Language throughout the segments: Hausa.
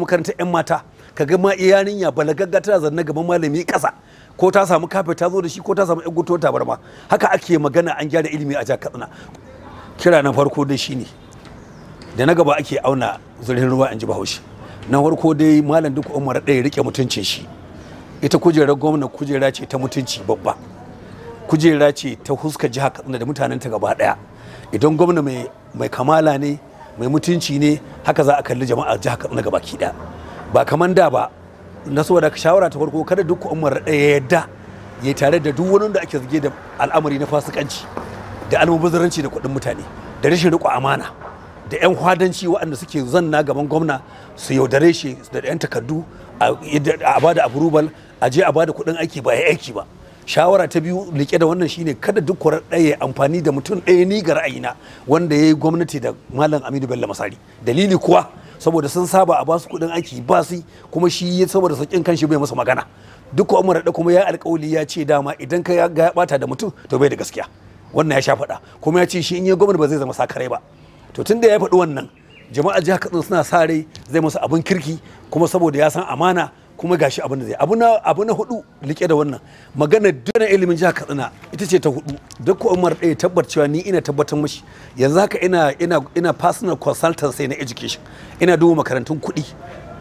makarantar 'yan mata ka ga ma yarinya balagagga tana zanne gaban malami ƙasa ko ta samu kafe ta zo da shi ko ta samu guto tabarma haka ake magana an gyara ilimi a jihar katsina kira na farko dai shine da na gaba ake auna zurin ruwa an ji bahaushe na farko dai malam duk umar ya rike mutuncin shi ita kujerar gwamna kujera ce ta mutunci babba kujera ce ta huska jihar katsina da mutanen ta gaba ɗaya idan gwamna mai kamala ne mai mutunci ne haka za a kalli jama'a jihar na gaba ki ba kaman da ba na saboda shawara ta farko kada duk umar ya yadda ya tare da duk wani da ake zage da al'amari na fasikanci da almubazaranci da kuɗin mutane da rashin riko amana da 'yan hwadanci waɗanda suke zanna gaban gwamna su yaudare shi da 'yan takardu a bada approval a je a bada kuɗin aiki ba ya aiki ba shawara ta biyu rike da wannan shine kada duk kwarar ɗaya amfani da mutum ɗaya ni ga ra'ayina wanda ya yi gwamnati da malam aminu bello masari dalili kuwa saboda sun saba a basu kuɗin aiki ba su kuma shi saboda sakin kanshi bai masa magana duk umar da kuma ya alkawali ya ce dama idan ka ga bata da mutum to bai da gaskiya wannan ya sha faɗa kuma ya ce shi in ya gwamna ba zai zama sakarai ba to tunda ya faɗi wannan jama'a jihar katsina suna sa rai zai masa abin kirki kuma saboda ya san amana kuma gashi abin da zai abu na abu na hudu like da wannan magana dana ilimin jiha Katsina ita ce ta hudu duk ko Umar ɗaya tabbar cewa ni ina tabbatar mashi yanzu haka ina ina ina personal consultant sai na education ina duba makarantun kuɗi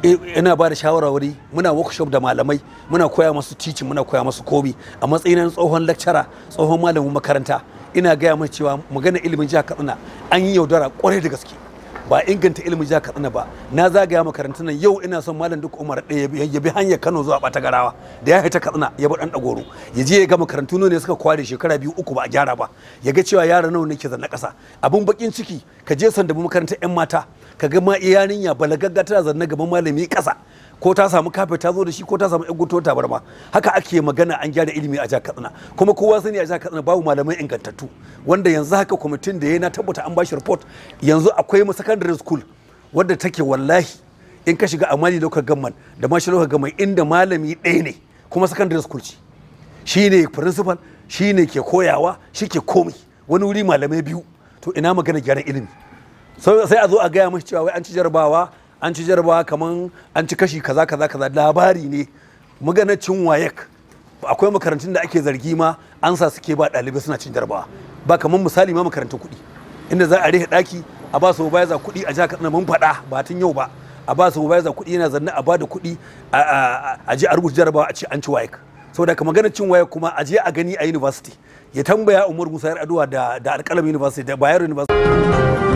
e, ina ba da shawarwari muna workshop da malamai muna koya masu teaching muna koya masu komi a matsayin tsohon lecturer tsohon malamin makaranta ina gaya mai cewa magana ilimin jiha Katsina an yi yaudara kwarai da gaske ba inganta ilimin ja katsina ba na zagaya makarantun nan yau ina son malam duk umar ɗaya ya bi hanyar kano zuwa batagarawa garawa da ya haita katsina ya bi ɗan ɗagoro ya je ya ga makarantu ne suka kware shekara biyu uku ba a gyara ba ya ga cewa yara nawa ne ke zanna ƙasa abun bakin ciki ka je sandabi makarantar 'yan mata ka ga ma yarinya balagagga tana zanna gaban malami kasa. ko ta samu kafe ta zo da shi ko ta samu guto ta barma haka ake magana an gyara ilimi a jihar katsina kuma kowa sani a jihar katsina babu malamai ingantattu wanda yanzu haka kwamitin da ya na tabbata an bashi report yanzu akwai mu secondary school wadda take wallahi in ka shiga amali local government da mashi local government inda malami ɗaya ne kuma secondary school ce shi principal shi ke koyawa shi ke komai wani wuri malamai biyu to ina magana gyaran ilimi sai a zo a gaya mashi cewa wai an ci jarabawa an ci jarabawa kamar an ci kashi kaza kaza kaza labari ne magana cin wayek akwai makarantun da ake zargi ma an sa suke ba ɗalibai suna cin jarabawa ba kamar misali ma makarantun kuɗi inda za a rihe ɗaki a ba su za kuɗi a jihar na mun faɗa ba tun yau ba a ba su za kuɗi yana zanne a ba da kuɗi a je a rubuta jarabawa a ce an ci wayek saboda ka magana cin wayek kuma a je a gani a university ya tambaya umar musa yar'adua da alƙalam university da bayero university